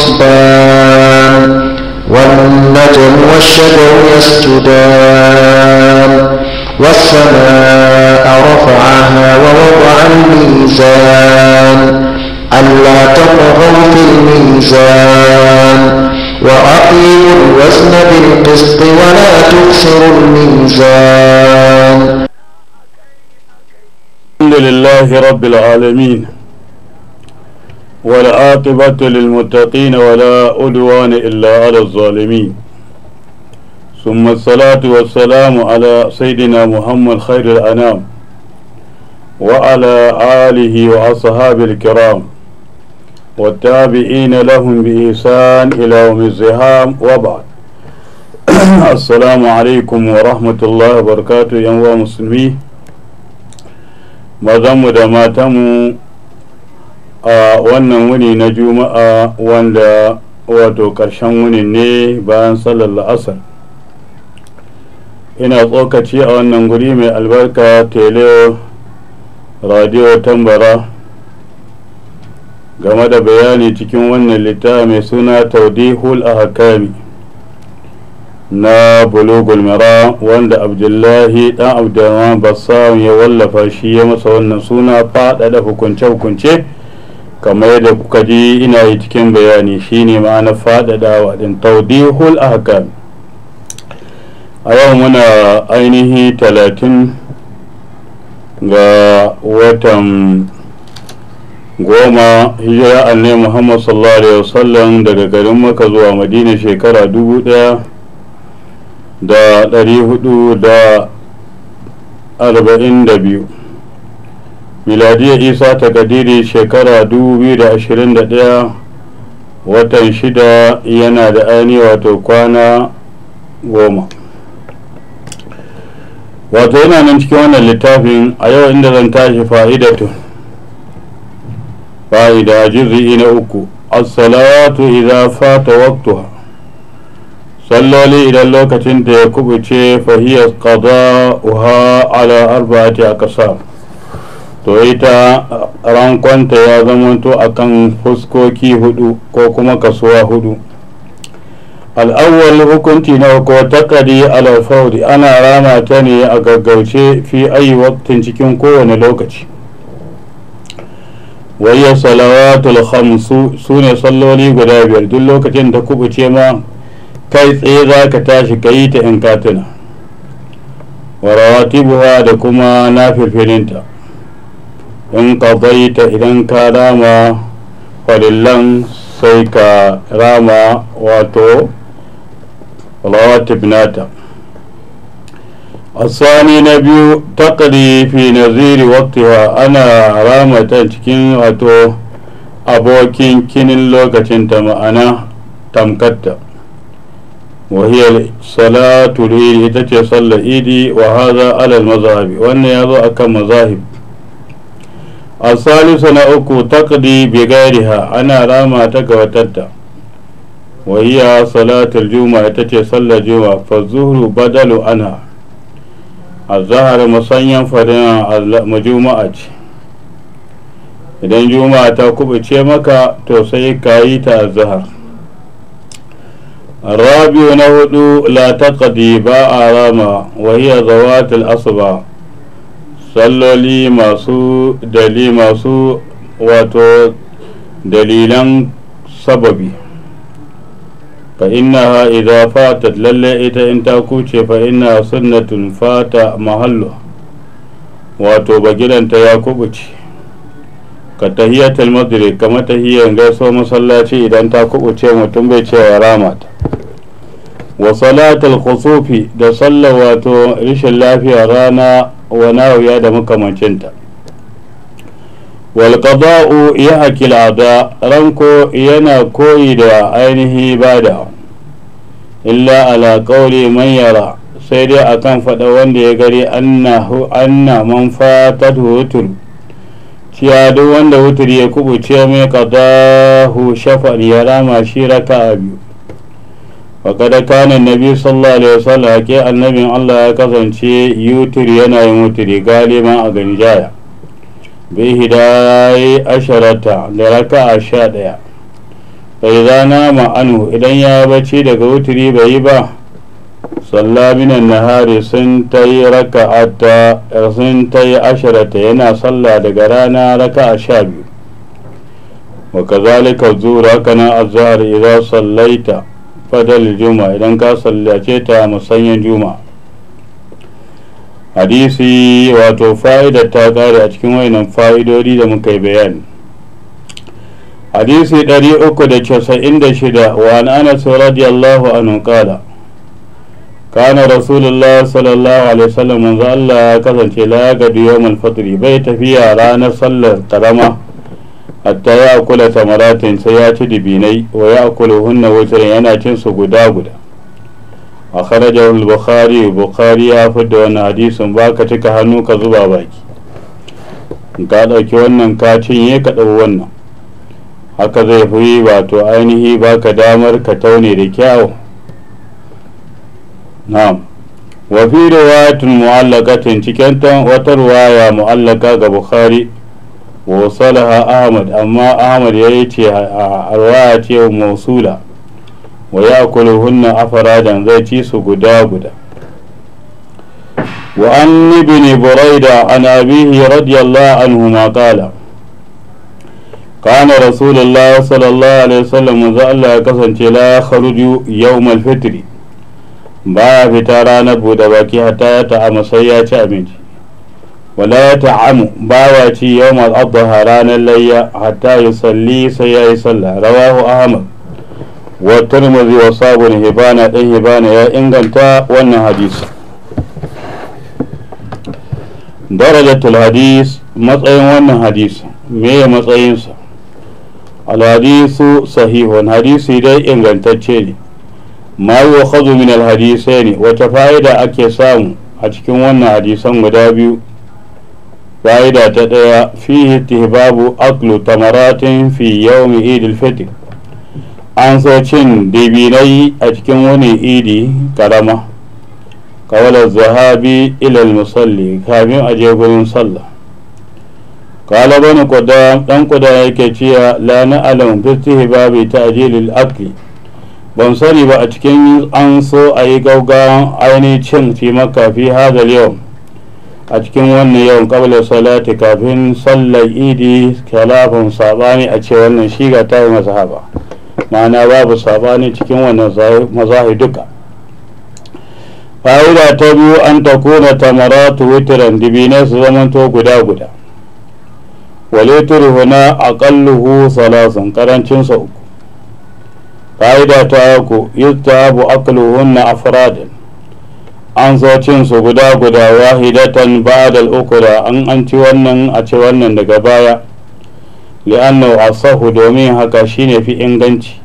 يخصفان والنجم والشجر يسجدان والسماء رفعها ووضع الميزان ألا تطغوا في الميزان وأقيموا الوزن بالقسط ولا تخسروا الميزان الحمد لله رب العالمين والعاقبة للمتقين ولا أدوان إلا على الظالمين ثم الصلاة والسلام على سيدنا محمد خير الأنام وعلى آله وأصحابه الكرام والتابعين لهم بإحسان إلى يوم الزهام وبعد السلام عليكم ورحمة الله وبركاته يا مسلمي مدام دماتمو a wannan wuni na juma'a wanda wato ƙarshen wuni ne bayan sallar la'asar ina tsokaci a wannan guri mai albarka tele radio tambara game da bayani cikin wannan littafi mai suna taudihul ahakami na bulugul mara wanda abdullahi dan abdulrahman bassam ya wallafa shi ya masa wannan suna faɗaɗa hukunce-hukunce kamar yadda kuka ji ina yi cikin bayani shine ma'anar faɗaɗawa waɗin taudihul ahkam a yau muna ainihi talatin ga watan goma hijira annai muhammad sallallahu alaihi wasallam daga garin maka zuwa madina shekara dubu daya da ɗari hudu da arba'in da biyu miladiyar isa ta gadiri shekara 2021 watan shida yana da ainihi wato kwana goma wato yana nan cikin wannan littafin a yau inda zan tashi fa'idatu fa'ida juz'i na uku as idza fata waqtuha salloli idan lokacin da ya kubuce fahiyar qada'uha ala arba'ati ƙasa. to ita uh, rankonta ya zamanto a kan fuskoki hudu ko kuma kasuwa hudu al'awwal hukunci na ko takari alfaudi ana rama ta ne a gaggauce fi ayi waktin cikin kowane lokaci wayya salawatul khamsu su ne salloli guda biyar duk lokacin da kubuce ma kai tsaye za ka tashi ka yi ta in katina wa da kuma na firfirinta in qadaita idan ka rama falillan sai ka rama wato rawatib a asani na biyu takarifi na naziri waqtiha ana rama ta cikin wato abokin kinin lokacin ta ma'ana tamkatta وهي صلاة العيد تتي صلى إيدي وهذا على المذاهب وأن يضع كمذاهب a salisu na uku taqdi bi gairiha ana rama ta ga watatta wa hiya salatul juma'a ita ce sallar juma'a fa zuhru badalu anha azhar musanyan farin majuma'a ce idan juma'a ta kubuce maka to sai kayi ta azhar الرابع نهدو لا تقضي باء رامة وهي ذوات asuba. salloli masu dali masu wato dalilan sababi fa innaha idza fatat lalle ita in ta kuce fa inna sunnatun fata mahallu wato bagidanta ya kubuce ka tahiyatul madri kama tahiyan gaiso masallaci idan ta kubuce mutum bai cewa ramata wa salatul khusufi da sallar wato rishin lafiya rana wana nawiya da makamancinta walƙaba'u ya hakila da ranko yana koyi da ainihi bada illa ala ƙauli man sai dai akan faɗa wanda ya gari anna man fatat hutur ciya duk wanda hutur ya kubuce mai ƙadahu shafar ya rama shi raka biyu faƙada kanin nabi sallallahu alaihi wasallam haƙe annabin allah ya kasance yutiri yana yin wutiri galiban a ganjaya bi hidayi asharata da raka a sha ɗaya bai zana ma'anu idan ya bacci daga wutiri bai yi ba sallaminan nahari sun ta sun ta yi yana sallah daga rana raka'a sha biyu wa kazalika zura kana azhar idza sallaita fadal juma idan ka sallace ta musanyen juma hadisi wato fa'idar ta kare a cikin wayannan fa'idodi da muka yi bayani hadisi 396 wa an anas radiyallahu anhu qala kana rasulullah sallallahu alaihi wasallam manzo Allah ya kasance la gadi yawmal fitri bai tafiya ranar sallar karama hatta ya kula samaratin sai ya ci dibinai wa ya kula hunna wajen yana cin su guda guda a kharajar bukhari bukhari ya fi da wani hadisin ba ka cika hannu ka zuba baki ka ɗauki wannan ka cinye ka ɗau wannan haka zai fi wato ainihi baka damar ka taune da kyawu na'am wa fi riwayatul mu'allaqatin cikin wata riwaya mu'allaka ga bukhari wa salaha ahmad amma ahmad ya yi ce a arwaya ce masula wa ya hunna afaradan zai ci su guda guda wa an ibn buraida an radiyallahu anhu ma qala kana rasulullah sallallahu alaihi wasallam manzo Allah ya kasance la kharuju yawm al baya fita ranar bude baki hatta ya ta'ama sai ya ci abinci wala ta'amu bawa ci yau masu ranar layya hatta ya salli sai ya yi sallah rawahu ahmad wa turmuzi wa sabon hibana ɗan hibana ya inganta wannan hadisi darajatul hadis matsayin wannan hadisi meye matsayinsa alhadisu sahihun hadisi dai ingantacce ne ma yi wa min alhadisai ne wata fa'ida ake samu a cikin wannan hadisan guda biyu fa'ida ta ɗaya fihi tihbabu aklu tamaratin fi yawmi idil fitr an so cin dibinai a cikin wani idi karama kawalar zahabi ilal musalli kafin a je gurin sallah kala bani kuda dan kuda yake cewa la na alam babu ta'jilil akli ban sani ba a cikin an so a yi gaugawan ainihin cin fi maka fi hadal yau a cikin wannan yawan kabla salati kafin sallar idi kalafin sabani a ce wannan shi ga tayi mazhaba ma'ana babu sabani cikin wannan mazahi duka fa'ida ta biyu an ta kuna tamaratu witiran dibine su zamanto guda guda walitur huna aqalluhu salasan karancin sa uku fa'ida ta uku yustahabu aqluhunna afradan an zo cin su guda guda wahidatan ba al-ukura an an ci wannan a ci wannan daga baya li'annahu asahu domin haka shine fi inganci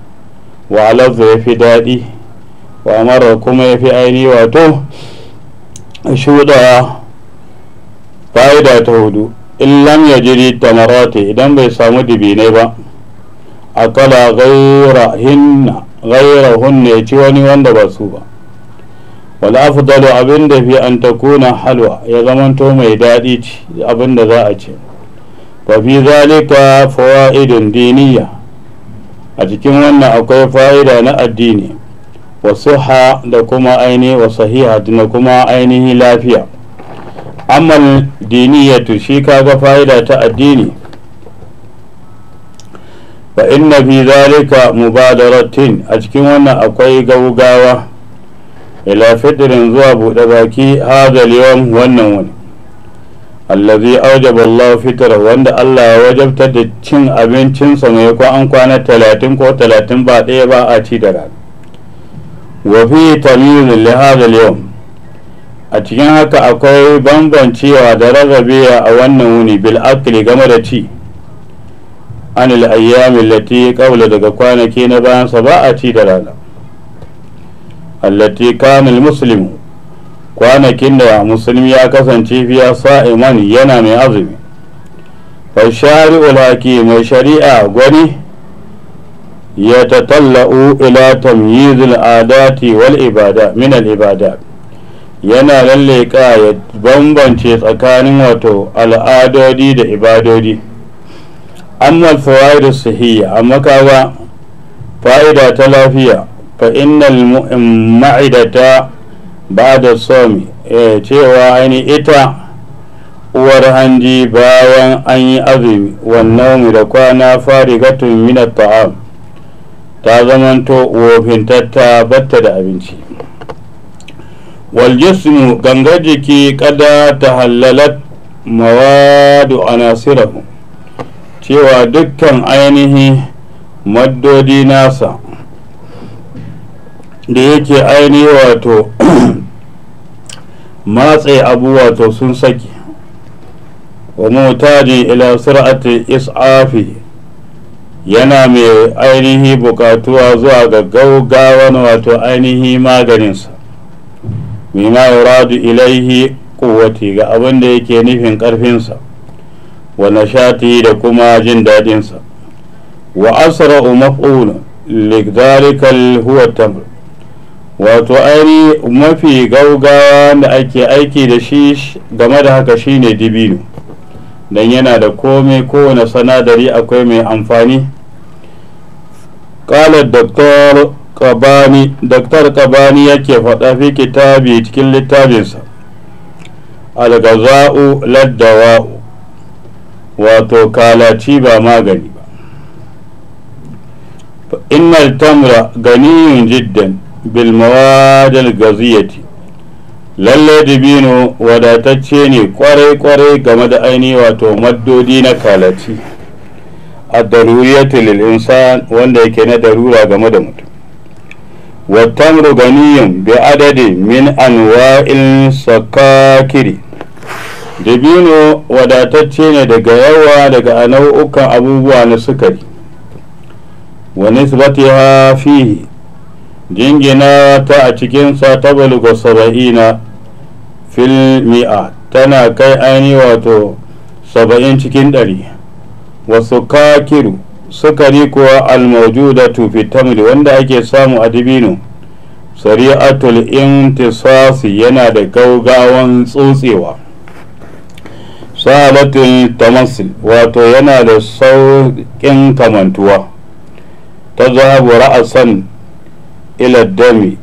wa alazza fi daɗi wa mara kuma fi aini wato shuɗa fa'ida ta hudu in lam yajri tamarati idan bai samu dibinai ba akala kala hinna ghaira hunne ci wani wanda ba su ba wala afdalu abin da fi an takuna halwa ya zamanto mai daɗi abin da za a ce ba fi zalika fawaidun diniya a cikin wannan akwai fa'ida na addini wa suha da kuma aini wa sahiha da kuma ainihi lafiya amal diniyatu shi kaga fa'ida ta addini fa inna fi zalika mubadaratin a cikin wannan akwai gaugawa ila fitrin zuwa buɗe baki hadal yawan wannan wani allazi aujaba Allah fitar wanda Allah ya wajabta da cin abincinsa mai ko an kwana talatin ko talatin ba ɗaya ba a ci da rana wa fi tamyiz li hadha yawm a cikin haka akwai bambancewa da rarrabewa a wannan wuni bil akli game da ci an al ayyam allati daga kwanaki na bayan sa ba a ci da rana allati kana muslim kwanakin da musulmi ya kasance fiya sa'iman yana mai azumi fa shari'ul hakim shari'a gwani ya tatalla'u ila tamyizil adati wal ibada min al ibada yana lalleka ya bambance tsakanin wato al'adodi da ibadodi amma fawaid sahiyya amma kaga fa'ida ta lafiya fa innal ma'idata ba da cewa aini ita uwar hanji bayan an yi azumi wannan da kwana farigatun minat ta'am ta zamanto wofintatta batta da abinci waljismu ganga gangar jiki kada ta hallalat mawadu anasirahu cewa dukkan ainihi maddodi nasa da yake aini wato matse abu wato sun saki wa mutaji ila sur'ati isafi yana mai ainihi bukatuwa zuwa ga gaugawan wato ainihi maganinsa mima yuradu ilaihi kuwati ga abin da yake nufin karfinsa wa nashati da kuma jin daɗinsa wa asra'u maf'ul lidhalika huwa tamr wato ari mafi gaugawa da ake aiki da shi game da haka shine dibino don yana da komai kowane sanadari akwai mai amfani kalar doktor kabani doktor kabani yake faɗa fi kitabi cikin littafinsa algaza'u laddawa'u wato kalaci ba magani ba innal tamra ganiyun jiddan bilmawad gaziyati lalle dibino wadatacce ne kwarai-kwarai game da aini wato maddodi na kalaci a daruriyatu insan wanda yake na darura game da mutum والتمر غني بعدد من أنواع السكاكر dabino wadatacce ne daga yawa daga nau'ukan abubuwa na sukari wa nisbatiha fihi jingina ta a cikinsa ta ga saba'ina fil mi'a tana kai aini wato saba'in cikin ɗari wasu kakiru sukari kuwa da tufi tamri wanda ake samu a dibino sari'atul tisasi yana da gaugawan tsotsewa salatul tamasil wato yana da sauƙin kamantuwa ta zahabu ra'asan ila dami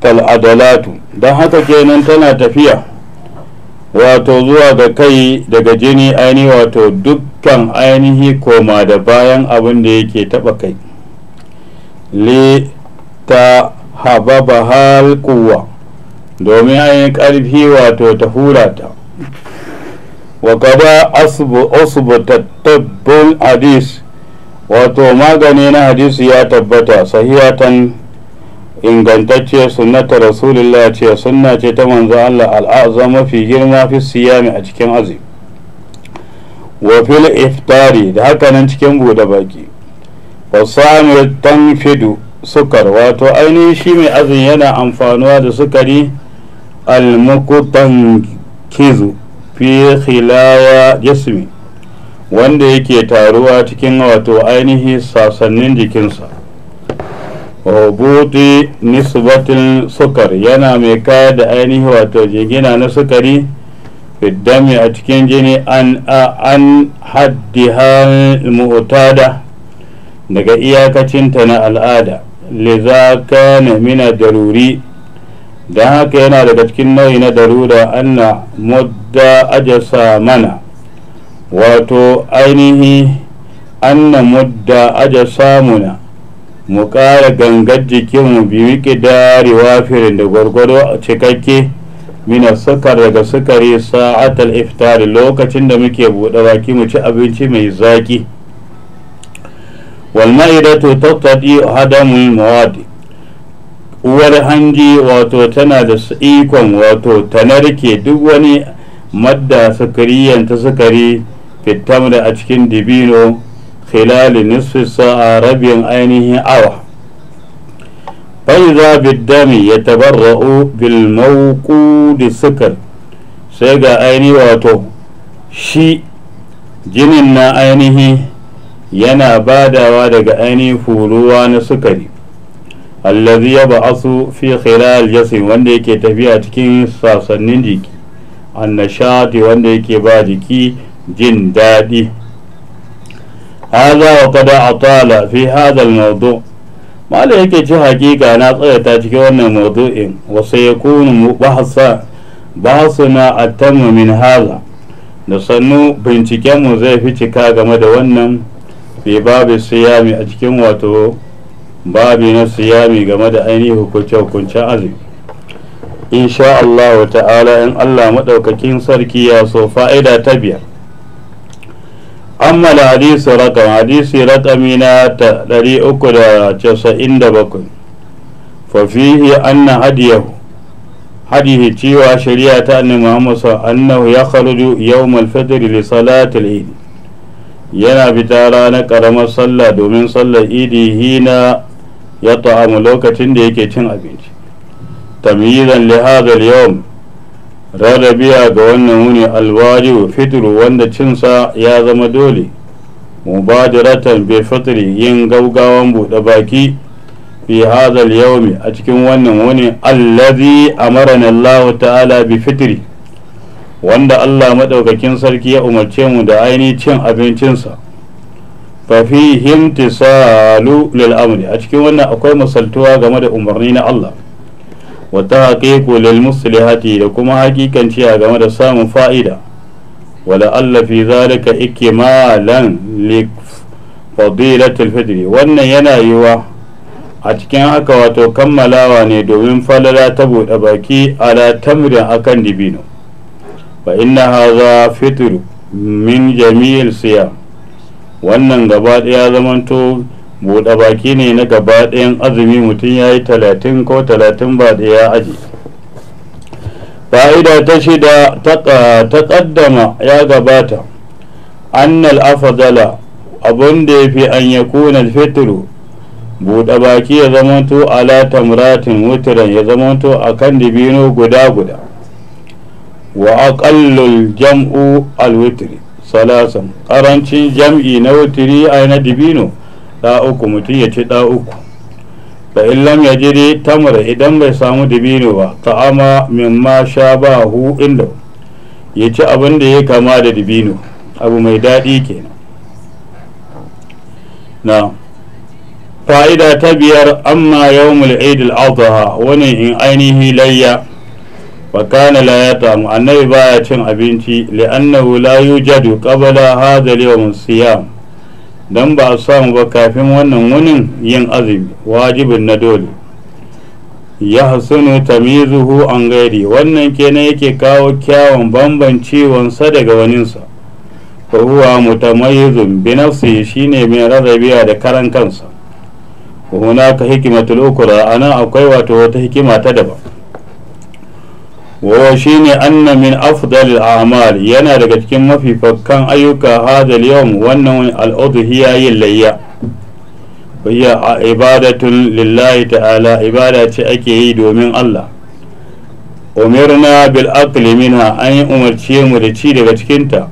fal'adalatu don haka kenan tana tafiya wato zuwa ga kai daga jini aini wato dukkan ainihi koma da bayan abin da yake taba kai li ta hababa domin ainihin ƙarfi wato ta ta wa gaba asibu hadis wato magani na hadisi ya tabbata sahihatan ingantacciyar sunnata rasulullah ce sunna ce ta manzo Allah al'azza mafi girma fi siyami a cikin azumi wa fil iftari da haka nan cikin bude baki wasamir tanfidu sukar wato ainihi shi mai azumi yana amfanuwa da sukari almukutan kizu fi khilawa jismi wanda yake taruwa cikin wato ainihi sasannin jikinsa hubuti nisbatin sukar yana mai kaya da ainihi wato jingina na sukari fiddami a cikin jini an an haddiha mu'tada daga iyakacinta na al'ada liza na mina daruri don haka yana daga cikin nau'i na darura anna mudda ajasa mana wato ainihi an na mudda aja samuna mu ƙara gangar jikinmu bi riƙe darewa firin da gwargwado cikakke mina sukar daga sukari sa'atal iftari lokacin da muke buɗe baki mu ci abinci mai zaki zaƙi walma'idatu tattadi hadamul mawadi uwar hanji wato tana da ikon wato ta narke duk wani madda sukariyan ta sukari fitamri a cikin dibino khilali nisfi sa'a rabin ainihin awa fa'iza biddami ya tabarra'u bil da sukar sai ga ainihi wato shi jinin na ainihi yana badawa daga ainihin furuwa na sukari allazi ya ba'asu fi khilal jasim wanda yake tafiya cikin sasannin jiki annashati wanda yake ba jiki jin daɗi haza wa kada atala fi hadha al-mawdu yake ci hakika na tsayata cikin wannan mawdu'in wa sayakunu bahsa bahsuna atamma min haza da sannu bincikenmu zai fi cika game da wannan fi babu siyami a cikin wato babi na siyami game da ainihin hukunce-hukuncen azumi Allah in Allah maɗaukakin sarki ya so fa'ida ta biyar amma da hadisi rakam hadisi rakami na 397 fafihi anna hadiyahu hadihi cewa shari'a ta annabi Muhammad annahu ya kharuju yawm al-fajr li salati al-eid yana fita ranar karamar sallah domin sallar idi hina ya ta'amu lokacin da yake cin abinci tamyizan li hadha al-yawm rarrabiya ga wannan wuni alwajibu fitru wanda cinsa ya zama dole mubadaratan bi fitri yin gaugawan buɗe baki fi hadhal yawmi a cikin wannan wuni allazi amarana Allah ta'ala bi fitri wanda Allah madaukakin sarki ya umarce mu da aini cin abincinsa fa fi himtisalu lil amri a cikin wannan akwai masaltuwa game da umarni na Allah wa tahqiqu lil muslihati da kuma hakikanci a game da samun fa'ida wala alla fi zalika ikmalan li fadilatil fitri wannan yana yiwa a cikin haka wato kammalawa ne domin falala ta buɗe baki ala tamrin akan dibino fa inna haza fitru min jami'il siya wannan gaba ɗaya zamanto buɗe baki ne na gaba ɗayan azumi mutum ya yi talatin ko talatin ba da ya aji fa'ida ta shida ta ƙaddama ya gabata annal afadala abin da ya fi an ya kunan fitiru buɗe baki ya zamanto ala tamratin wutiran ya zamanto a kan dibino guda guda wa aƙallul jam'u alwitiri salasan ƙarancin jam'i na wutiri a na dibino da uku mutum ya ci da uku da illam ya jiri tamar idan bai samu dabino ba min ma sha ba hu inda ya ci abin da ya kama da dabino abu mai daɗi kenan na fa'ida ta biyar amma yawmul al adha wani in ainihi layya wa kana la yatamu annabi baya cin abinci li'annahu la yujadu qabla hadha al-yawm siyam don ba a samu ba kafin wannan wunin yin azumi wajibin na dole ya hasunu tamizuhu an gairi wannan kenan yake kawo kyawun bambancewansa daga waninsa fa huwa mutamayizun bi nafsihi shine mai rarrabiya da karan kansa hunaka hikimatul ukra ana akwai wato wata hikima ta daban wa shine anna min afdalil a'mal yana daga cikin mafi mafifakan ayyuka hadal yawm wannan al'udhiya yin layya hiya ibadatun lillahi ta'ala ibada ce ake yi domin Allah umirna bil aqli minha an yi umarce mu da ci daga cikinta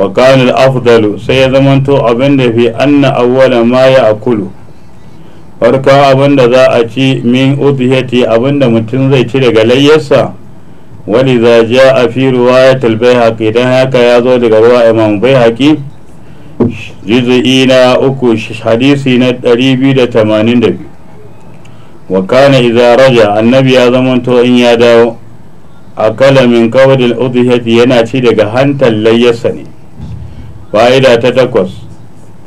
wa kana al afdalu sai ya zamanto abin da fi anna awwala maya a kulu. farka abin da za a ci min udhiyati abin da mutum zai ci daga layyarsa wani za ja a fi ruwayatul haƙi dan haka ya zo daga ruwa imam haƙi? Jizu'i na uku hadisi na 282 wa kana idza raja annabi ya zamanto in ya dawo A kalamin qawdil udhiyati yana ci daga hantar layyasa ne fa'ida ta takwas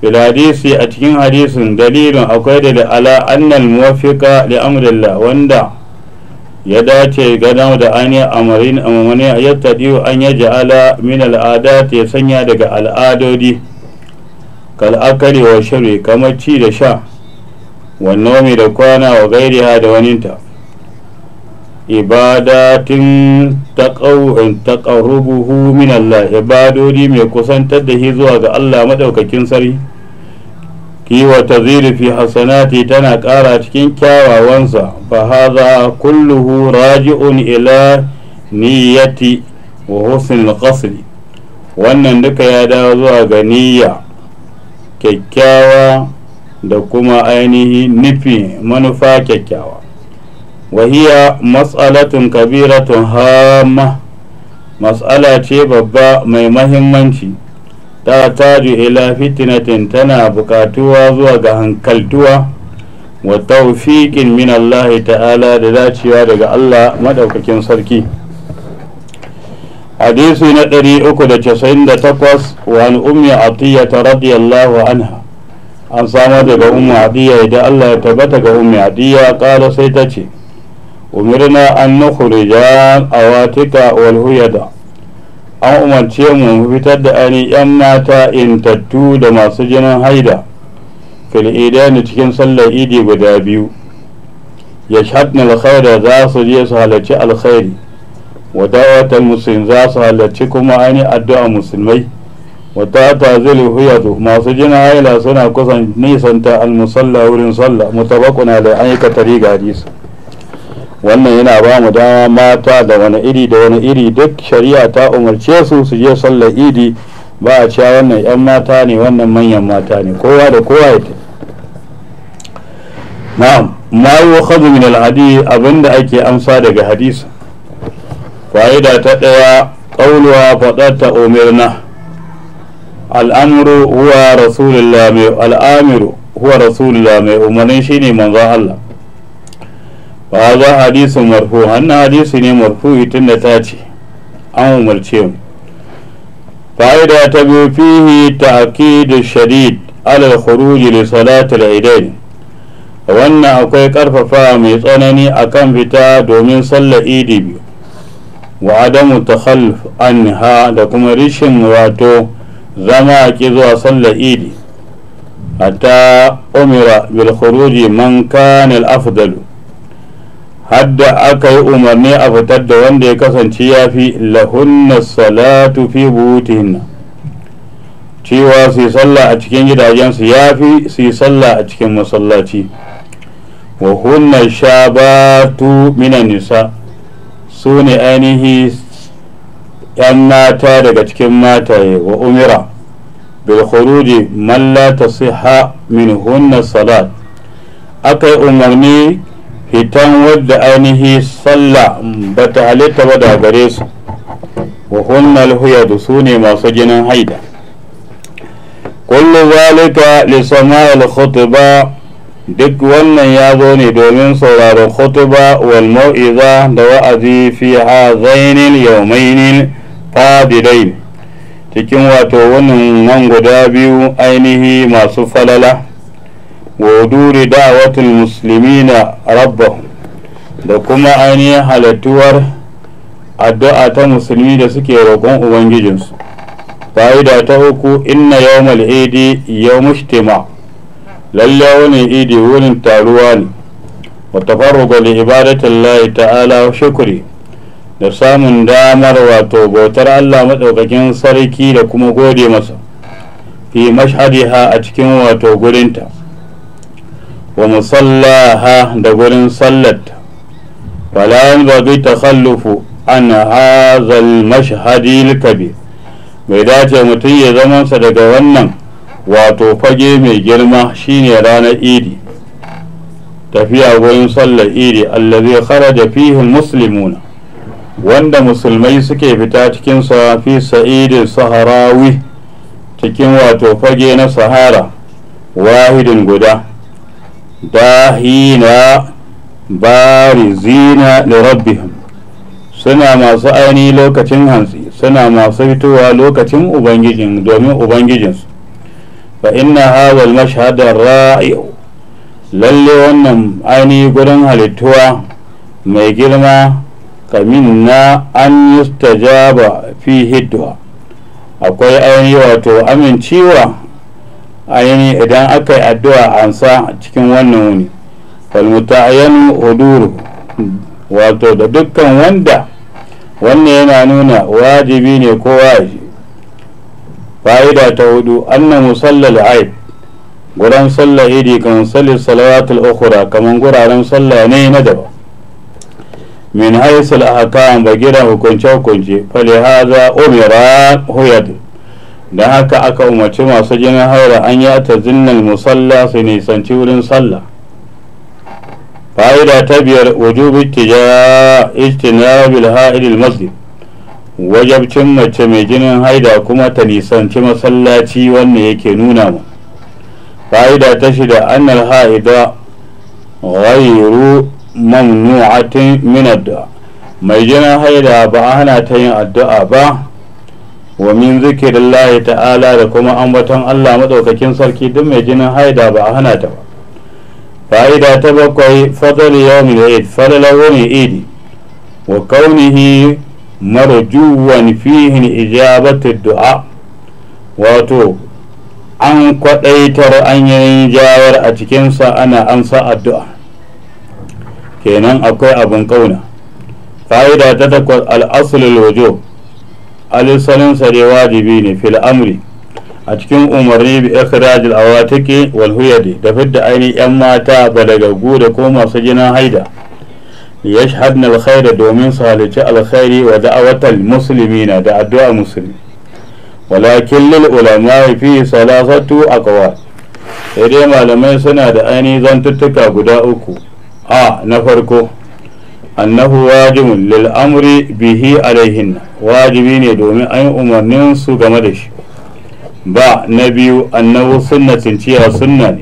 fil hadisi a cikin hadisin dalilin akwai da ala annal muwaffiqa li amrillah wanda ya dace gana da an yi amarin amamani a yadda diyo an ya ja'ala min al'ada ta ya sanya daga al'adodi kal'akari wa shari kamar ci da sha wannan mai da kwana wa ha da waninta ibadatin taƙarrubuhu min Allah ibadodi mai kusantar da shi zuwa ga Allah maɗaukakin sarki kiwa ta fi hasanati tana ƙara cikin kyawawansa fa haza kulluhu raji'un ila niyyati wa husin qasdi wannan duka ya dawo zuwa ga niyya kyakkyawa da kuma ainihi nufi manufa kyakkyawa wahiya mas'alatin kabiratun hama matsala ce babba mai mahimmanci ta taju ila fitnatin tana bukatuwa zuwa ga hankaltuwa wa taufiqin min Allah ta'ala da dacewa daga Allah madaukakin sarki hadisi na 398 wa an ummi atiyya radiyallahu anha an samar daga ummi atiyya Allah ya tabbata ga ummi atiyya kala sai ta ce umirna an nukhrija awatika wal huyada an umarce mu fitar da ainihin 'yan mata intattu da masu jinin haida idani cikin sallar idi guda biyu ya shaɗin alkhaira za su je su halarci alkhairi wata musulmi za su halarci kuma ainihin addu'a musulmai wata ta zai huyatu masu jinin haila suna kusan nisanta almusalla wurin sallah mutabakuna da an yi katari ga hadisi wannan yana ba mu dama mata da wani iri da wani iri duk shari'a ta umarce su su je sallar idi ba a cewa wannan 'yan mata ne wannan manyan mata ne kowa da kowa ya na'am ma yukhadhu min al abinda ake amsa daga hadisi fa'ida ta daya qawluha fadata umirna al-amru huwa rasulullah mai huwa rasulullah mai umarni shine manzon Allah ba za hadisun marfu hannun hadisi ne marfu tun da ta ce an umarce mu fa'ida ta biyu fihi ta'akidu shadid alal khuruji li salatul idain wannan akwai karfafa mai tsanani akan fita domin sallar idi biyu wa adamu takhalluf anha da kuma rishin wato zama ki zuwa sallar idi hatta umira bil khuruji man kana al afdalu hadda aka yi umarni a fitar da wanda ya kasance ya fi lahunna salatu fi butihinna cewa su sallah a cikin gidajensu ya fi su yi sallah a cikin masallaci wa hunna shabatu minan nisa su ne ainihi yan mata daga cikin mataye wa umira bil khuruji man la tasiha min hunna salat yi umarni hitan wadda ainihi sallah ba ta halitta ba da gare su wa hunnal huyadu su ne masu jinin haida kullu zalika li sama'il khutba duk wannan ya zo ne domin sauraron khutba wal mau'iza da wa'azi fi hazainil yawmainil fadidain cikin wato wannan nan guda biyu ainihi masu falala watan دعوة na ربهم da kuma ainihin halattuwar addu'a ta musulmi da suke roƙon ubangijinsu fa'ida ta uku inna yawmal idi yau mushtima lalle wani idi wurin taruwa ne wa tafarruqa li ibadatillahi ta'ala wa shukri da samun damar wato bautar Allah maɗaukakin sarki da kuma gode masu fi mashhadiha a cikin wato gurinta wa musallaha da gurin sallat fala yanbaghi takhallufu an hadha al-mashhadi mai dace mutum ya zamansa daga wannan wato fage mai girma shine ranar idi tafiya wurin sallar idi allazi da fihin musulmuna wanda musulmai suke fita cikin sa fi sa'idin saharawi cikin wato fage na sahara wahidin guda dahina barizina lirabbihim suna masu aini lokacin hantsi suna masu fitowa lokacin ubangijin domin ubangijinsu fa inna hawal mashhadar ra'iyu lalle wannan aini gurin halittuwa mai girma kamin na an yustajaba fi akwai aini wato amincewa aini idan aka yi addu'a ansa cikin wannan wuni falmuta'ayyanu huduru wato da dukkan wanda wannan yana nuna wajibi ne kowa fa'ida ta hudu anna musallal aib guran sallah idi kan sallar salawatul ukhra kaman guraren sallah ne na daba min haisul ahkam bagira hukunce hukunce fali hadha umira huyadi da haka aka umarci masu jinin haura an ya ta zinnal musalla su nisanci wurin sallah fa'ida ta biyar wajubi ijtinabil ha'idil masjid wajabcin mace mai jinin haida kuma ta nisanci masallaci wanda yake nuna mu fa'ida ta shida annal ha'ida ghayru mamnu'atin min addu'a mai jinin haida ba hana ta yin addu'a ba wa min zikirillahi ta'ala da kuma ambaton Allah madaukakin sarki duk mai jinin haida ba a hana ta ba fa'ida ta bakwai fadl yawmil eid fadlahu idi wa kaunihi marjuwan fihi ijabatu du'a wato an kwadaitar an yi jawar a cikinsa ana amsa addu'a kenan akwai abin kauna fa'ida ta takwas al-aslul wujub alisalinsa sare wajibi ne fil amri a cikin umarni bi ikhrajil awatiki wal huyadi da fidda ainihin yan mata balagaggu da ko masu jina haida li yashhadna al domin su halici alkhairi wa da'awatal muslimina da addu'a musulmi walakin lil ulama fi salasatu aqwal sai dai malamai suna da ainihin zantuttuka guda uku a na farko أنه واجب للأمر به عليهن واجبين يدوم أي أمر ننسو سوغمدش با نبي أنه سنة تيا سنة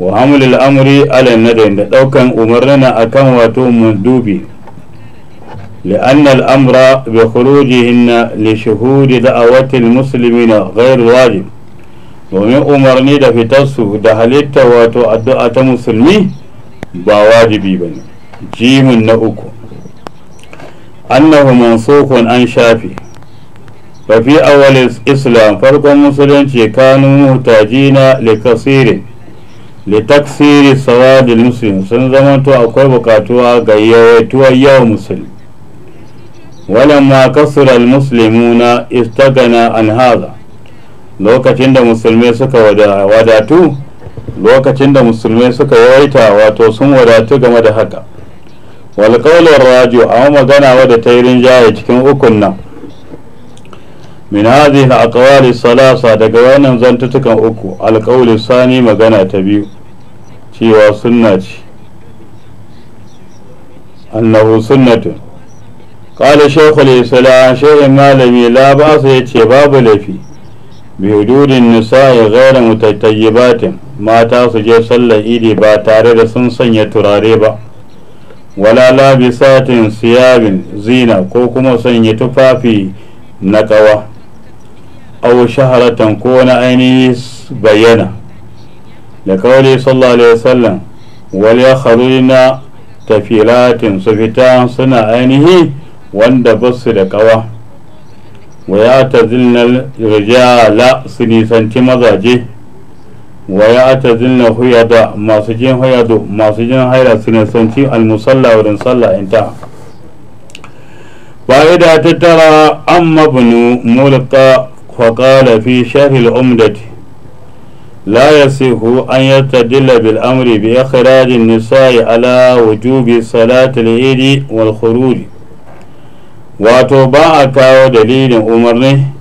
وعمل الأمر على الندين لو كان أمرنا أكام واتوم مندوبي لأن الأمر بخروجهن لشهود دعوة المسلمين غير واجب ومن أمرني da دهلت واتو halitta wato با واجبي بني jimin na uku annahu mansukun an shafi wa fi awal islam farkon musulunci kanu muhtajina li kasiri li taksiri sawadil muslim sun to akwai bukatuwa ga yawaituwar yawan musulmi walamma kasura muslimuna istagana an haza lokacin da musulmai suka wadatu lokacin da musulmai suka yawaita wato sun wadatu game da haka wal qawlur a ma magana wadda ta yi rinjaye cikin ukun nan min hadhihi al aqwali salasa daga wannan zantutukan uku al sani magana ta biyu cewa sunna ce annahu sunnatu qala shaykh al islam shaykh malami la ba sai yace babu lafi bi hududin nisa'i ghayra mutatayyibatin mata su je sallar idi ba tare da sun sanya turare ba ولا لابسات ثياب زينة كوكما سنجت فافي نكوا أو شهرة كون عيني بينة لكولي صلى الله عليه وسلم وليخرجن تفيلات صفتان صنع عينه واندبص لكوة ويعتذلن الرجال سني سنتي مضاجي wa ya ta zinna da masu jin da masu jin haira su ne sanci almusalla wurin sallah inta fa'ida ta tara an mabnu mulka faƙala fi sharhil umdati لا يصح أن يستدل بالأمر بإخراج ala على وجوب صلاة العيد والخروج wato ba a kawo dalilin umarni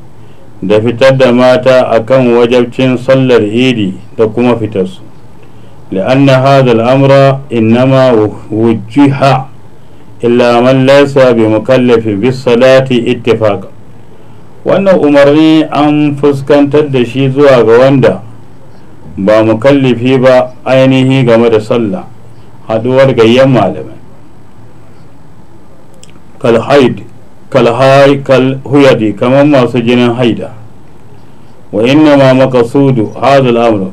da fitar da mata akan wajabcin sallar idi da kuma fitarsu لأن هذا الأمر إنما وجه إلا من ليس بمكلف بالصلاة اتفاقا wannan umarni an fuskantar da shi zuwa ga wanda ba mukallifi ba ainihi game da sallah haɗuwar gayyan malamai kalhaid kalhaikal huyadi kamar masu jinin haida wa inna ma maqasudu hadal amru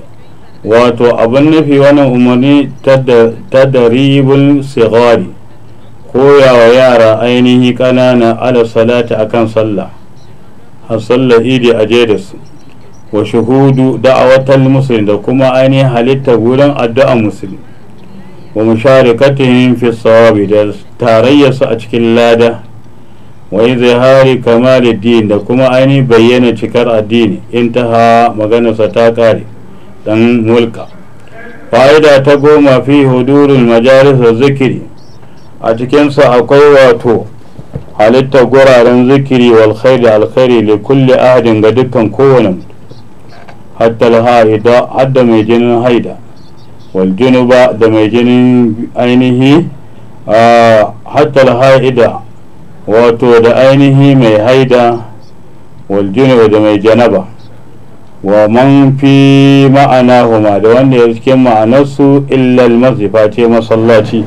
wato abin nufi wannan umarni ta daribul sigari koyawa yara ainihi kanana ala salati akan sallah har sallar idi a da su wa shahudu da'awatal musulmi da kuma ainihin halitta gurin addu'a musulmi wa musharikatihim fi sawabi da tarayyarsu a cikin lada وإظهار كمال الدين دا كما أيني بيانة شكر الدين انتهى مغانا ستاكاري دان ملكا فائدة تقو في حدود المجالس الذكري أتكين سأقوي واتو حالتا قرى عن ذكري والخير الخير لكل أحد قدكا كونا حتى لها إداء حد ميجن هيدا والجنوب دميجن أينه آه حتى لها إداء wato da ainihi mai haida waljini da mai janaba wa man fi ma'ana huma da wanda ya cikin ma'anarsu illal masifa masallaci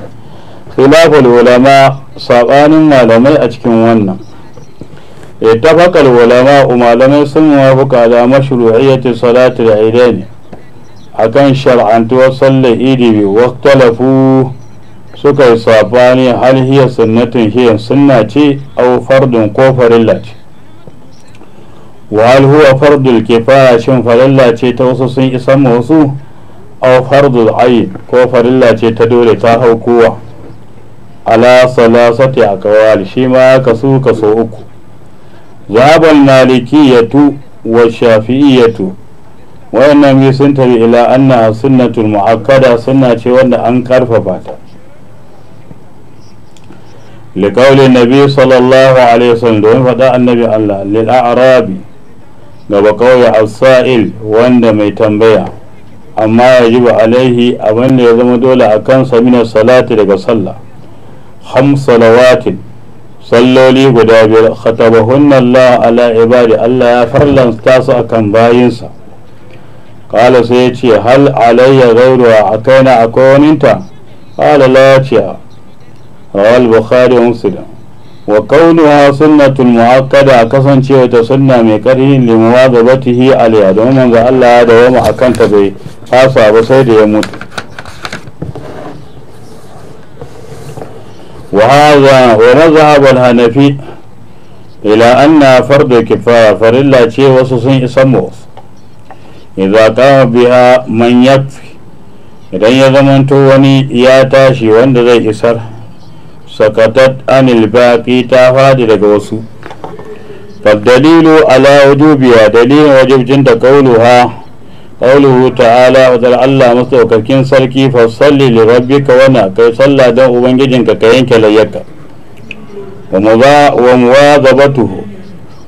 khilafal ulama sabanin malamai a cikin wannan ittafaqal ulama malamai sun muwafaqa da mashru'iyyati salati al-idaini akan shar'antuwar sallar idi bi waqtalafu suka yi sabani hal hiya sunnatin hiya sunna ce au fardun ko farilla ce wa hal huwa fardul kifaya shin farilla ce ta wasu sun isa ma wasu au fardul ayi ko farilla ce ta dole ta hau kowa ala salasati a kawal shi ma ya kasu kaso uku zaban malikiyatu wa shafi'iyatu wayannan biyu sun tabi ila anna sunnatul mu'akkada sunna ce wanda an karfafa ta liƙaulin nabi sallallahu alaihi wasallam domin faɗa annabi Allah lil'arabi gaba kawai asa'il wanda mai tambaya amma ya ji alaihi abin ya zama dole akan kansa mina salati daga sallah hamsalawatin salloli guda biyar khatabahunna Allah ala ibadi Allah ya farlanta su akan bayinsa kala sai ya ce hal alayya gairuwa a kaina akwai waninta kala la رواه البخاري ومسلم وقولها سنة معقدة كسن شيء سنة مكره لمواظبته عليها دوما ذا الله دوما أكن تبي هاسا بسيد يموت وهذا ومذهب الهنفي إلى أن فرض كفاية فرلا شيء وسوسين يسموه إذا قام بها من يكفي إذا يضمنت وني يا تاشي وند ذي إسره sakatat anil baqi ta fadi daga wasu فالدليل على وجوبها دليل وجب جند قولها قوله تعالى وزل الله مستوككين سلكي فصلي لربك ونا كي صلى دون وبنجنك كينك ليك ومواظبته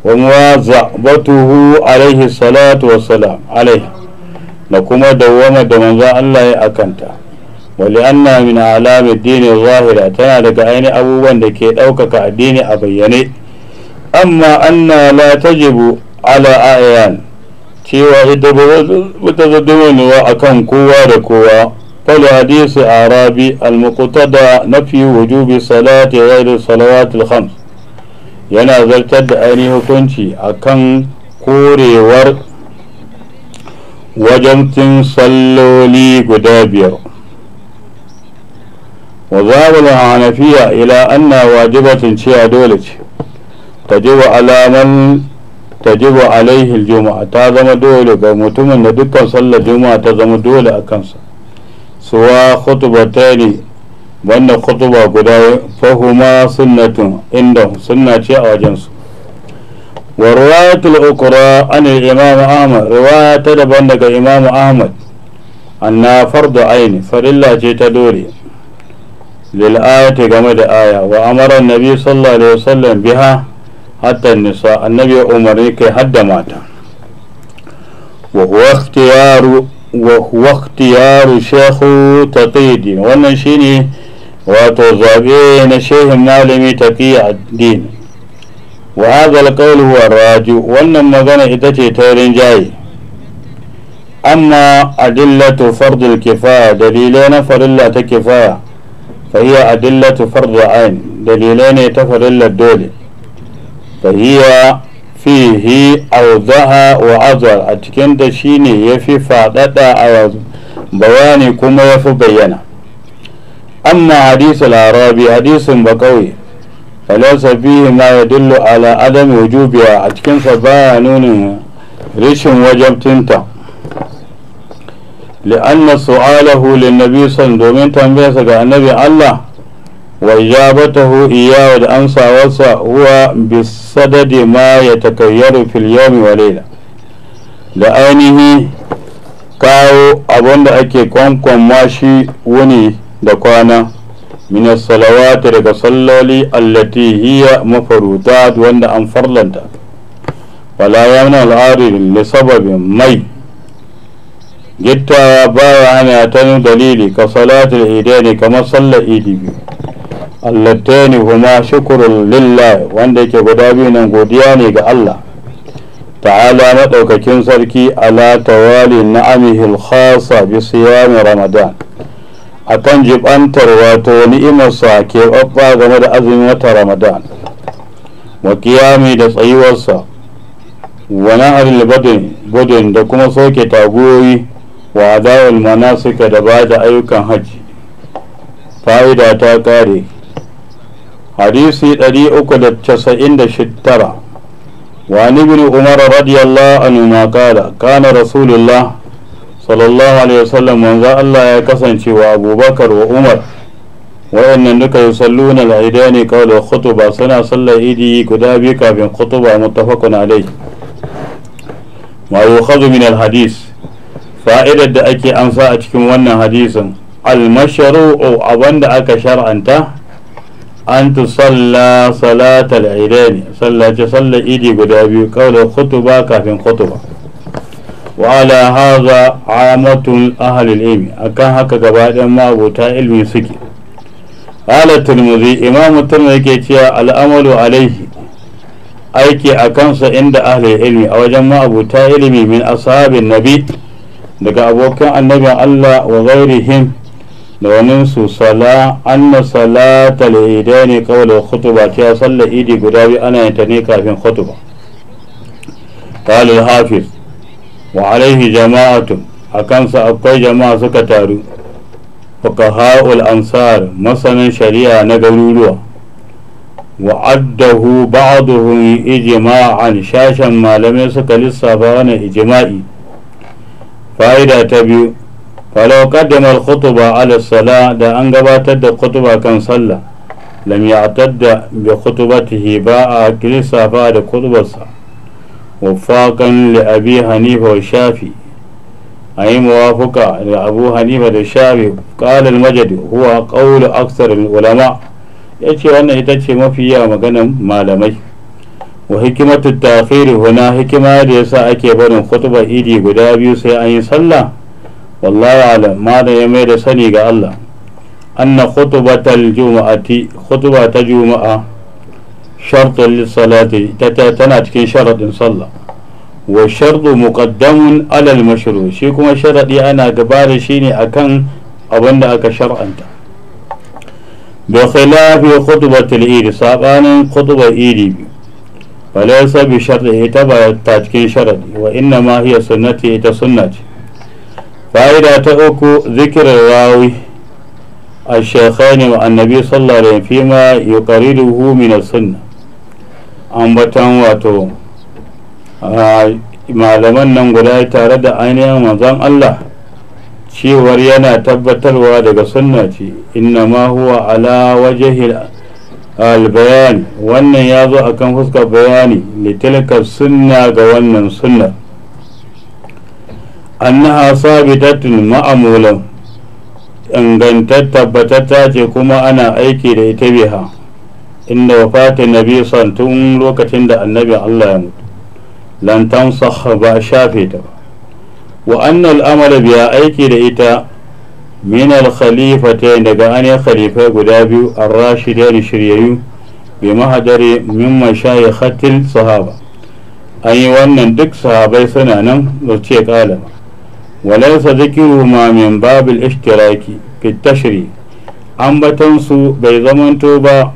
ومواظبته عليه الصلاة والسلام عليه نقوم دوما دمزا الله أكنته ولأنها من zahira tana daga تنا da ke أبوا addini a bayyane amma أما أن la تجب على أعيان cewa ita ba ta zadumanuwa kowa da kowa kwallo hadisi arabi al-muqtada na fi wujubi salati ghairu salawatul khams yana zartar da ainihin hukunci akan korewar wajamcin salloli guda biyar وذهب الحنفية إلى أن واجبة شيء دولت تجب على من تجب عليه الجمعة تازم دولة بمتم أن دكا صلى الجمعة تازم دولة أكنسا سواء خطبتين وأن خطبة قداوة فهما سنة عندهم سنة شيء وجنسه ورواية الأخرى عن الإمام أحمد رواية تدبن إمام أحمد أنها فرض عيني فلله جيت دولي للآية كما الآية وأمر النبي صلى الله عليه وسلم بها حتى النساء النبي أمر حد مات وهو اختيار وهو اختيار شيخ تقي الدين ونشيني وتوزابين شيخ مالم تقيع الدين وهذا القول هو الراجع وانما غنى اتتي تيرين جاي أما أدلة فرض الكفاية دليلين فرض فرلة تكفاية فهي أدلة فرض عين دليلين تفضل الدولة فهي fihi auzaha wa azar a cikin da shi ne ya fi faɗaɗa a bayani kuma ya fi bayyana amma hadisul arabi hadisin ba kawai falansa fihi ma ya dillu ala adam wujubiya a cikinsa baya nunin rishin wajen wajabtinta li'anna su'alahu linnabi san domin tambayarsa ga annabi Allah wa ijabatahu iyawa da amsawarsa huwa bisadadi ma ya takayyaru fil yawmi wa layla da ainihi kawo abin da ake kwankwan shi wuni da kwana min salawati daga salloli allati hiya mafarudat wanda an farlanta wala yamna al'ari li sababin mai gittawa bawa hana ta dalili ka salatul idaini kamar sallar idi biyu allatani huma shukurun lillah wanda ke guda biyu nan godiya ne ga Allah ta'ala maɗaukakin sarki ala tawali na'amihil khasa bi siyami ramadan akan jibantar wato ni'imarsa ke babba game da azumin wata ramadan wa kiyami da tsayuwarsa wa na'ar da kuma soke tagoyi wadawar mana suka da ba da ayyukan hajji fa'ida ta kare hadisi 396 wani bin umar radiyallahu anhu ma kala kana rasulullah sallallahu alaihi wasallam manzo Allah ya kasance wa abubakar wa umar waɗannan duka yusalluna al-aidani qawl kutuba suna sallar idi guda biyu kafin khutba muttafaqun alayh ma yukhadhu min al fa'idar da ake amsa a cikin wannan hadisin almasharu'u abinda aka shar'anta an tusalla salatal idaini sallace sallar idi guda biyu kawai kutuba kafin kutuba wa ala haza amatun ahlul ilmi akan haka gaba ɗayan mabuta ilmi suke qala turmuzi imam turmuzi yake cewa al'amalu alaihi aiki a kansa inda ahlul ilmi a wajen mabuta ilmi min ashabin nabi daga abokan annabi Allah wa ghairihim da wannan su sala anna salata al-idain qawl khutba ta ya salla idi guda biyu ana yanta ne kafin khutba qala al-hafiz wa alayhi jama'atu akan sa akwai jama'a suka taru fuqaha'ul ansar masanan shari'a na garuruwa وعده بعضهم إجماعا شاشا ما لم يسك لسه بان إجمائي fa'ida ta biyu falau kaddamar al ala sala da an gabatar da kutuba kan sallah lam da bi khutbatihi ba a kilisa ba da kudubarsa wafaqan li abi hanifa wa shafi ayi muwafaqa da abu hanifa da shafi qala al-majdi huwa aksar al-ulama yace wannan ita ce mafi yawa maganan malamai wa hikimar takhiri huna hikima da yasa ake barin khutba idi guda biyu sai an yi sallah wallahi alam malam ya mai da sani ga Allah anna khutbatal juma'ati khutba ta juma'a shartun lissalati tana cikin sharadin sallah wa shartu muqaddamun alal mashru shi kuma sharadi ana gaba da shi ne akan abinda aka shar'anta bi khilafi khutbatul idi sabanin khutbar idi biyu falaysa bi sharrihi ta ba ta cikin sharadi wa inna ma hiya sunnati ta sunna fa'ida ta uku zikirin rawi a shekhaini wa annabi sallallahu alaihi fima yuqariduhu min as-sunnah ambatan wato malaman nan guda tare da ainihin manzon Allah cewar yana tabbatarwa daga sunna ce ma huwa ala wajhil albayani wannan ya zo a kan fuskar bayani litilkar sunna ga wannan sunna annaha sabitatun ma'amulan ingantar tabbatatta ce kuma ana aiki da ita biha inda wafata nabi son tun lokacin da annabi allah ya mutu lantan ba shafe ta ba wa annal amala biya aiki da ita min al daga an khalifai guda biyu ar-rashidain shiryayyu bi mahadari min mashayikhatil sahaba an yi wannan duk sahabai suna nan da ce kala walaysa dhikru ma min babil ishtiraki fi tashri ambaton su bai zamanto ba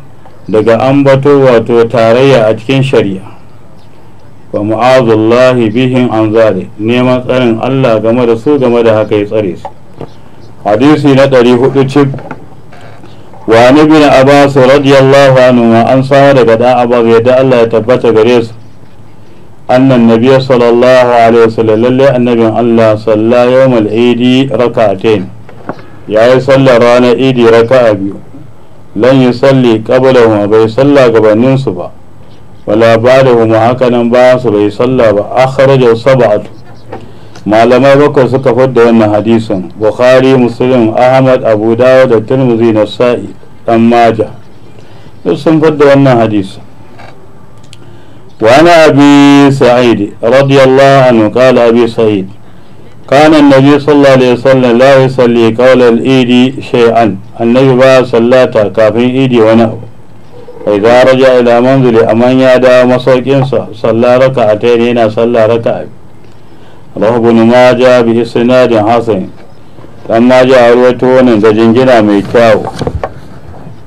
daga ambato wato tarayya a cikin shari'a wa mu'azullahi bihin an neman tsarin Allah game da su game da haka ya tsare su hadisi na ɗari hudu cif wa ni bin abbas radiyallahu anhu an samu daga dan abbas yadda Allah ya tabbata gare su annan nabiyya sallallahu alaihi wasallam lalle annabin Allah salla yawmal idi raka'atayn yayi sallar ranar idi raka'a biyu lan salli qablahuma bai salla gabanin su ba wala ba'dahuma hakanan bayan su bai salla ba akhrajahu sab'atu malamai bakwai suka fadda wannan hadisin bukhari muslim ahmad abu dawo da tirmidhi na sa'i dan maja duk sun fadda wannan hadisin وعن أبي سعيد رضي الله عنه قال أبي سعيد كان النبي صلى الله عليه وسلم لا يصلي قول الإيد شيئا النبي بقى صلى كافي إيدي ونحو فإذا رجع إلى منزل أمن يدا مسوكين صلى ركعتين هنا صلى ركعتين rahubu maja bihi sanadin hasan dan maja a ruwaito wannan da jingina mai kyau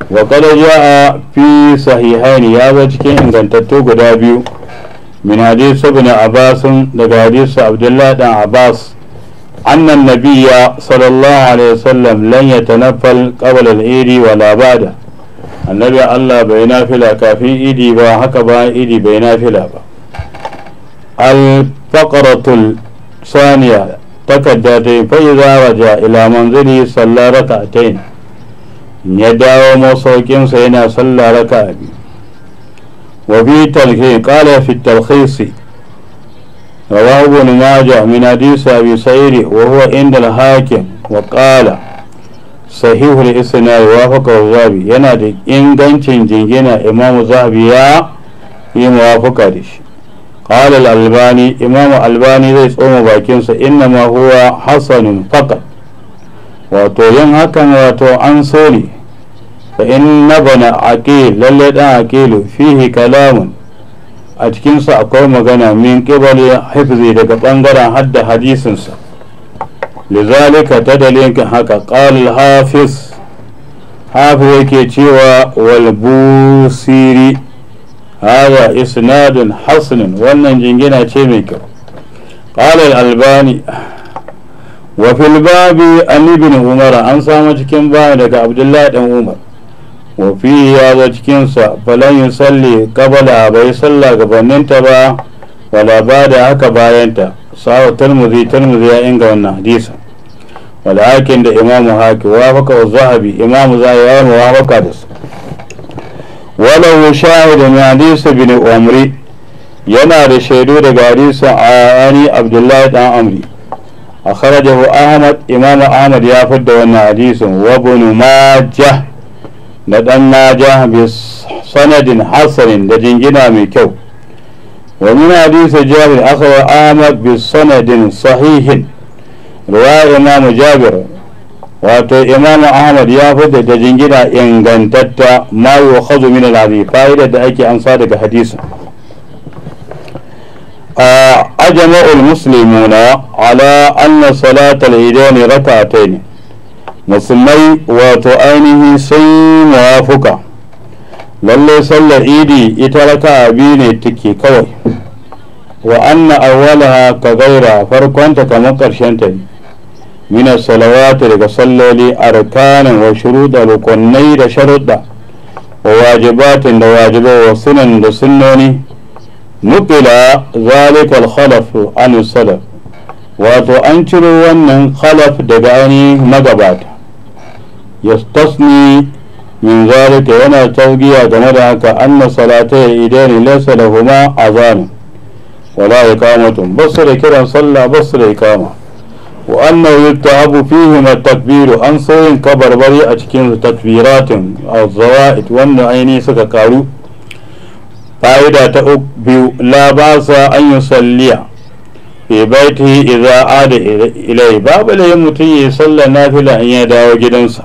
wa kada ja'a fi sahihaini ya zo cikin ingantattu guda biyu min hadisi ibn abbas daga hadisi abdullah dan abbas annan nabiyya sallallahu alaihi wasallam lan yatanaffal qabla al-eid wa la ba'da allah bai nafila kafin idi ba haka ba idi bai nafila ba al-faqratul saniya takarda ta yi fa'iza waje ila manzili sallah raka a tayin ya dawo masaukinsa yana sallah raka a biyu wa fi talhi kala fi talhisi رواه ابن ماجه من حديث ابي wa وهو عند الحاكم وقال صحيح الاسناد وافق الذهبي yana da ingancin jingina imamu zahabi ya yi mawafaka da shi قال الألباني إمام الألباني زي صوم باكينسا إنما هو حسن فقط وتوين هكا وتو أنصولي فإن ابن عقيل للي عقيل فيه كلام أتكينسا أقوى مغنى من قبل حفظي لك بانغرا حد حديثنسا لذلك تدلينك هكا قال الحافظ hafi yake cewa walbusiri هذا إسناد حسن ولن جنجنا تيميك قال الألباني وفي الباب أن ابن عمر أن سامتكم بعدك عبد الله بن عمر وفي هذا تكنسا فلن يصلي قبل أبي صلى قبل ننتبه ولا بعد هكا باينتا sawa talmuzi talmuzi ya inga wannan hadisa walakin da imamu haki wafaka wa zahabi imamu za ya yi wafaka da su walau shahida min hadisi bin umri yana da shaidu daga hadisin ani abdullahi dan amri akhrajahu ahmad imam ahmad ya fadda wannan hadisin wa ibn majah da dan najah bi sanadin hasanin da jingina mai kyau wa min hadisi jabir akhrajahu ahmad bi sanadin sahihin riwaya imam jabir wato imamu ahmad ya fita da jingina ingantatta ma yi wa min labi da ake ansa daga hadisin a ajama ulmuslimu na ala ne salata al'idani raka ta ne musulmai wato ainihi sun mawafuka lallai sallar idi ita raka biyu ne take kawai wa anna awwalaha ka gaira farkonta kamar ƙarshen ta ne من الصلوات لقصلى لي أركان وشروط لقني لشرط وواجبات لواجب وسنن لسنوني نقل ذلك الخلف عن السلف واتو انشروا ان خلف دقاني مقبات يستثني من ذلك وانا توقيع دمدها كأن صلاة ايدين ليس لهما اذان ولا اقامة بصر كرم صلى بصر اقامه wa annahu yuttahabu fihi at-takbir an soyin kabarbari a cikin takbiratin az-zawa'id wanda aini suka karu fa'ida ta biyu la ba sa an yusalliya fi baitihi idza ada ilai babu lai mutum ya sallar nafila in ya dawo gidansa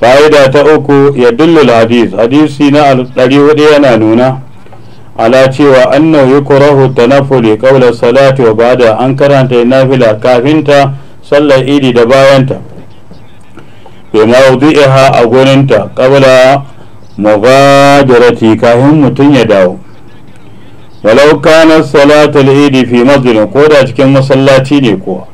fa'ida ta uku ya dullu hadis hadisi na 400 yana nuna ala cewa annahu yukrahu tanafuli qabla salati wa ba'da an karanta nafila kafin ta sallar idi da bayanta bi mawdi'iha a gurinta qabla mubadarati kafin mutum ya dawo walau kana salatul idi fi masjidin ko da cikin masallaci ne kuwa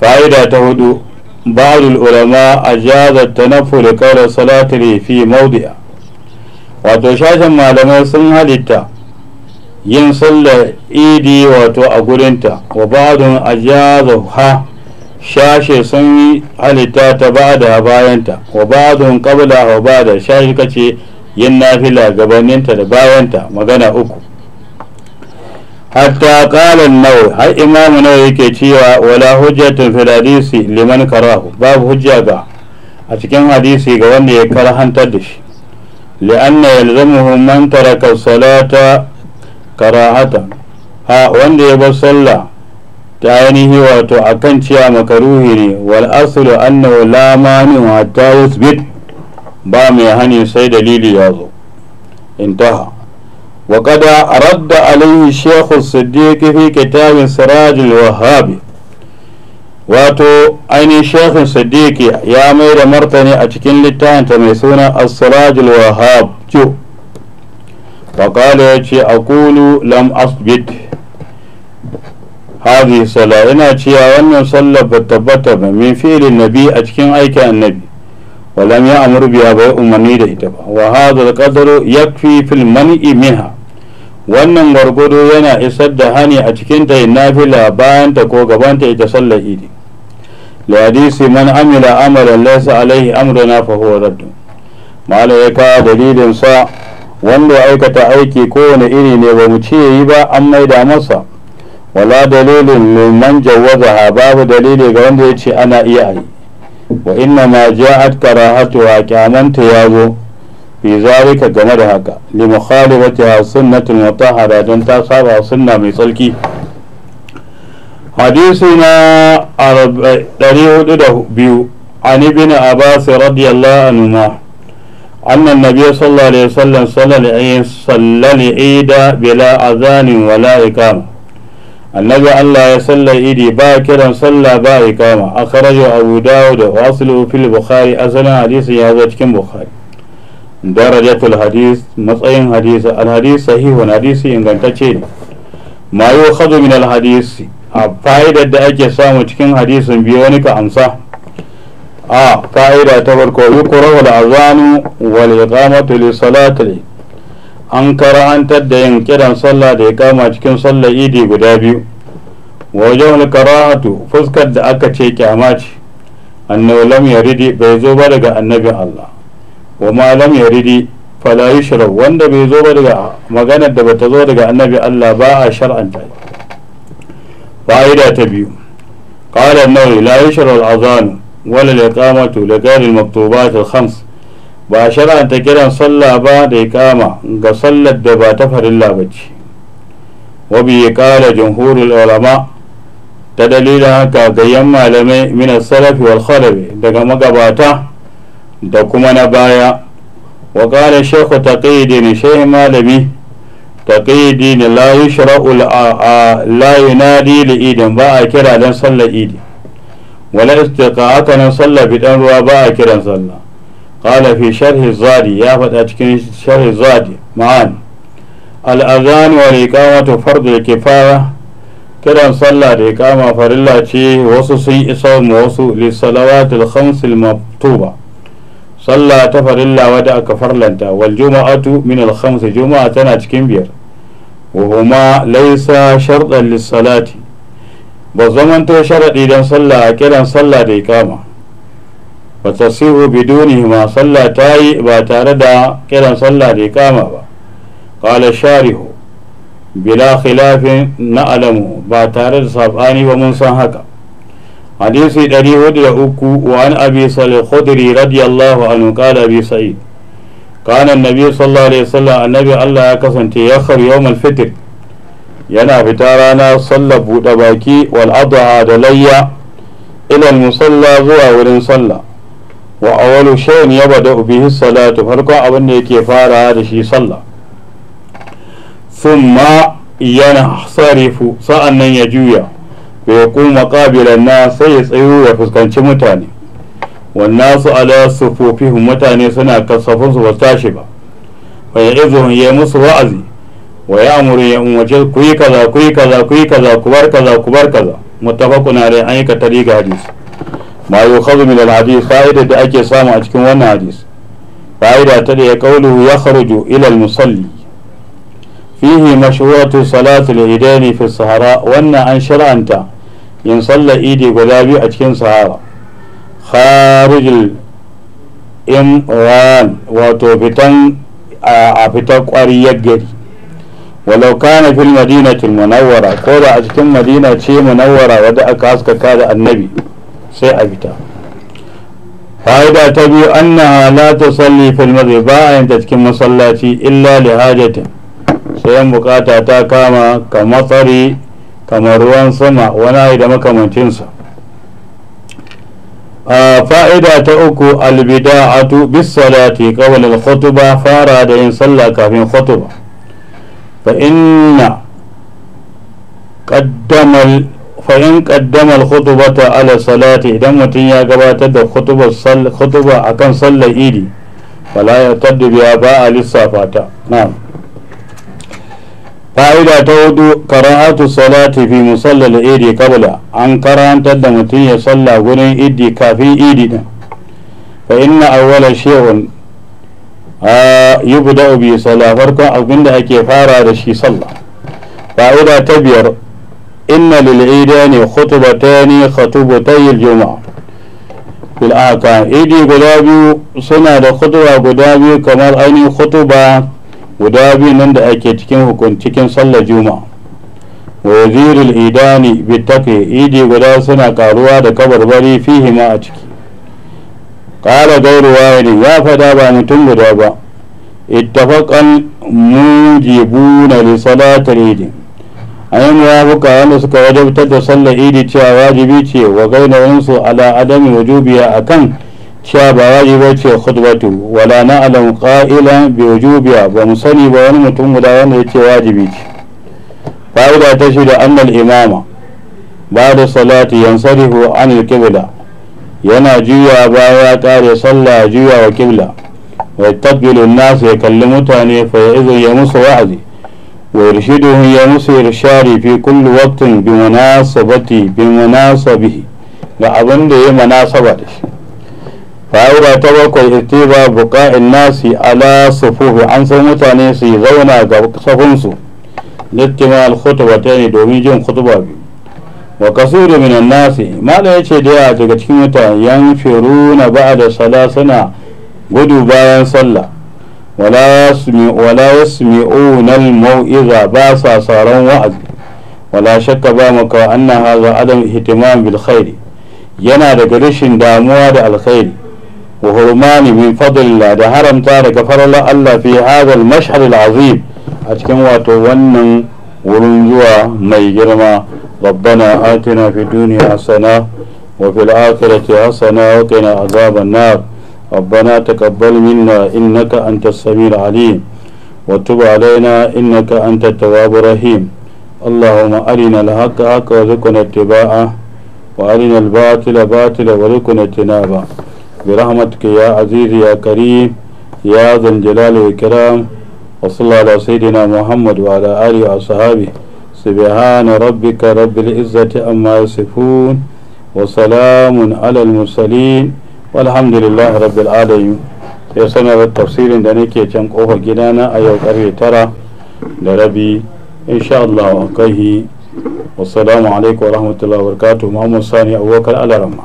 fa'ida ta hudu ba'dul ulama ajaza tanafuli qabla salatul fi mawdi'a wato shashin malamai sun halitta yin sallar idi wato a gurinta wa ba'adun ajazaha ha shashe sun yi halitta ta ba da bayanta wa ba'adun qabla wa ba da shashi kace yin nafila gabaninta da bayanta magana uku hatta kalan nau har imamu nau yake cewa wala hujjatun fil hadisi liman karahu babu hujja ga a cikin hadisi ga wanda ya karhantar da shi لأن يلزمه من ترك الصلاة كراهة ها وندي بصلى تعينه واتو أكن شيا مكروهني والأصل أنه لا مانع حتى يثبت بام هني سيد ليلي يازو انتهى وقد رد عليه الشيخ الصديق في كتاب سراج الوهابي wato ainihin shafin sadiki ya mai da martani a cikin littafinta mai suna as-sirajul wahab faƙala ya ce akulu lam asbit hadhihi sala ina cewa wannan sallar ba tabbata ba min fi'lin nabi a cikin aikin annabi wa lam ya'mur bai umarni da ita ba wa hadha al yakfi fil man'i minha wannan gwargwado yana isar da hani a cikin ta nafila bayan ta ko gaban ta ita sallar idi لحديث من عمل عملا ليس عليه أمرنا فهو رد ما لا دليل صا wanda aikata aiki kowane iri ne ba mu ce yi ba an maida masa wala dalilin liman jawazaha babu dalili ga wanda ya ce ana iya yi wa inna ma ja'at karahatuha kyamanta ya zo fi zalika game da haka li mukhalifatiha sunnatul mutahhara dan ta saba sunna mai tsarki حديثنا أربعين عن ابن عباس رضي الله عنهما أن النبي صلى الله عليه وسلم صلى العيد صلى العيد بلا أذان ولا إقامة النبي الله يصلى عيد باكرا صلى با إقامة أخرجه أبو داود وأصله في البخاري أصلا حديث هذا كم بخاري درجة الحديث مصين حديث الحديث صحيح حديث إن كان ما يؤخذ من الحديث a fa'idar da ake samu cikin hadisin biyu wani ka amsa a fa'ida ta farko yukrahu da azanu wal iqamatu li salati an karantar da yin kiran sallah da iqama cikin sallar idi guda biyu wajen karahatu fuskar da aka ce kyama ce annabi lam yaridi bai zo ba daga annabi Allah wa ma lam yaridi fala yushrab wanda bai zo ba daga maganar da bata zo daga annabi Allah ba a shar'anta fa'ida ta biyu قال النووي لا يشرع الأذان ولا الإقامة لغير المكتوبات الخمس ba shara shara'anta kiran sallah ba da ya kama ga sallar da ba ta farilla ba ce wa bi qala jumhurul ulama ta dalilin haka gayyan malamai min as-salafi wal daga magabata da kuma na baya wa qala shaykh taqiydin shaykh malami taqidi ne la yushra'u la yunadi li idin ba a kira dan sallar idi wala istiqa'aka nan sallar dan ruwa ba a kiran sallah qala fi zadi ya faɗa cikin sharhi zadi ma'an al-adhan wa iqamatu fardu kifaya kiran sallah da iqama farilla ce wasu sun isa wasu li salawatil khams al-maktuba sallah ta farilla da aka farlanta wal juma'atu min al juma'a tana cikin biyar wa laisa laysa shartan lis salati ba zamanto sharaɗi dan sallah a kiran sallah da iqama ba tasihu bidunihima sallah ta yi ba tare da kiran sallah da kama ba qala sharihu bila na alamu ba tare da sabani ba mun san haka حديث دري ودي أكو وعن أبي صالح الخدري رضي الله عنه قال أبي سعيد كان النبي صلى الله عليه وسلم النبي الله كسنت يخر يوم الفطر yana fita rana sallar buɗe baki wal adha da layya ila musalla zuwa wurin sallah wa awwalu shay'in yabda bihi salatu farkon abin da yake fara da shi sallah thumma sa'an nan ya juya fa yaquma qabilan nas sai ya tsayo ya fuskanci mutane wannan su ala sufufihim mutane suna kasafin su ba tashi ba fa ya'izuhum ya musu wa'azi wa ya'muru ya umarce ku yi kaza ku yi kaza ku kaza ku kaza ku bar kaza muttafaqun alayhi an yi katari ga hadisi ma yukhadhu min al-hadith fa'ida da ake samu a cikin wannan hadisi fa'ida ta ɗaya ya kauluhu ya kharuju ila musalli fihi mashhuratu salatu al-idaini fi sahara wannan an shar'anta yin sallar idi guda biyu a cikin sahara kharijul imran wato fitan a fitar ƙwariyar gari walau kana fil madinatil munawwara ko da a cikin madina ce munawwara wadda aka haskaka da annabi sai a fita fa'ida ta biyu anna la tusalli fil masjid ba a yanta cikin masallaci illa li hajatin sai bukata ta kama ka matsari kamar ruwan sama wani ayi da makamancinsa a fa'ida ta uku albida bis salati qabla al khutba fara da yin sallah kafin khutba fa inna qaddama fa'in ƙaddamar khutubata ala salati idan mutum ya gabatar da khutuba akan sallar idi wala ya taddu ba a lissafa ta na'am فإذا تود قراءة الصلاة في مصلى الإيد قبل أن قرأ أن تدمتين يصلى غني إيدي كافي إيدي فإن أول شيء آه، يبدأ بصلاة فرقا أبن لها كفارة رشي صلى فإذا تبير إن للعيدان خطبتان خطبتي الجمعة في الآقام إيدي قدابي سنة خطبة قدابي كمال أني خطبة guda biyu nan da ake cikin hukuncikin sallar juma wa yazirul idani bittafi idi guda suna karuwa da kabarbari fihi ma a ciki ƙara gauruwa ne ya fada ba mutum guda ba ittafaqan mujibuna li salatil idi ayin muwafiqa wanda suka wajabtar da sallar idi cewa wajibi ce wa gainawansu ala adami wajubiya akan cewa ba ba ce khutbatu wala na'lam qa'ilan bi wujubiha ba mu sani ba wani mutum guda wanda yace wajibi ce fa'ida ta shida anna al-imama ba'da salati yansarihu an al-qibla yana juya baya kare sallah juya wa qibla wa yatabbilu an-nas ya kalli mutane fa ya'izu ya musu wa'azi wa yarshiduhu ya musu irshari fi kulli waqtin bi munasabati bi munasabihi ga abin da ya munasaba da shi fa'ida ta bakwai ittiba buqa'in nasi ala sufufi an san mutane su zauna ga safinsu littima ta ne domin jin khutba biyu wa kasuru minan nasi mala yace da yawa daga cikin mutane ba'a da sala suna gudu bayan sallah wala yasmi'una al-mau'iza ba sa saran wa'azi wala shakka ba maka anna hadha adam ihtimam bil khairi yana daga rashin damuwa da alkhairi wa hurmani min fadlillah da haramta daga farallar Allah fi hadal mashhad azim a cikin wato wannan wurin zuwa mai girma rabbana atina fi duniya hasana wa fil akhirati hasana wa qina azaban nar ربنا تقبل منا إنك أنت السميع العليم وتب علينا إنك أنت التواب الرحيم اللهم أرنا الحق حقا وارزقنا اتباعه وأرنا الباطل باطلا وارزقنا اجتنابه برحمتك يا عزيز يا كريم يا ذا الجلال والكرام وصلى على سيدنا محمد وعلى آله وأصحابه سبحان ربك رب العزة أما يصفون وسلام على المرسلين والحمد لله رب العالمين ya da tafsirin da nake can kofar gidana a yau karfe tara da rabi insha Allah wa kai wassalamu alaikum wa rahmatullahi wa barakatuh Muhammad Sani Abubakar Alaramma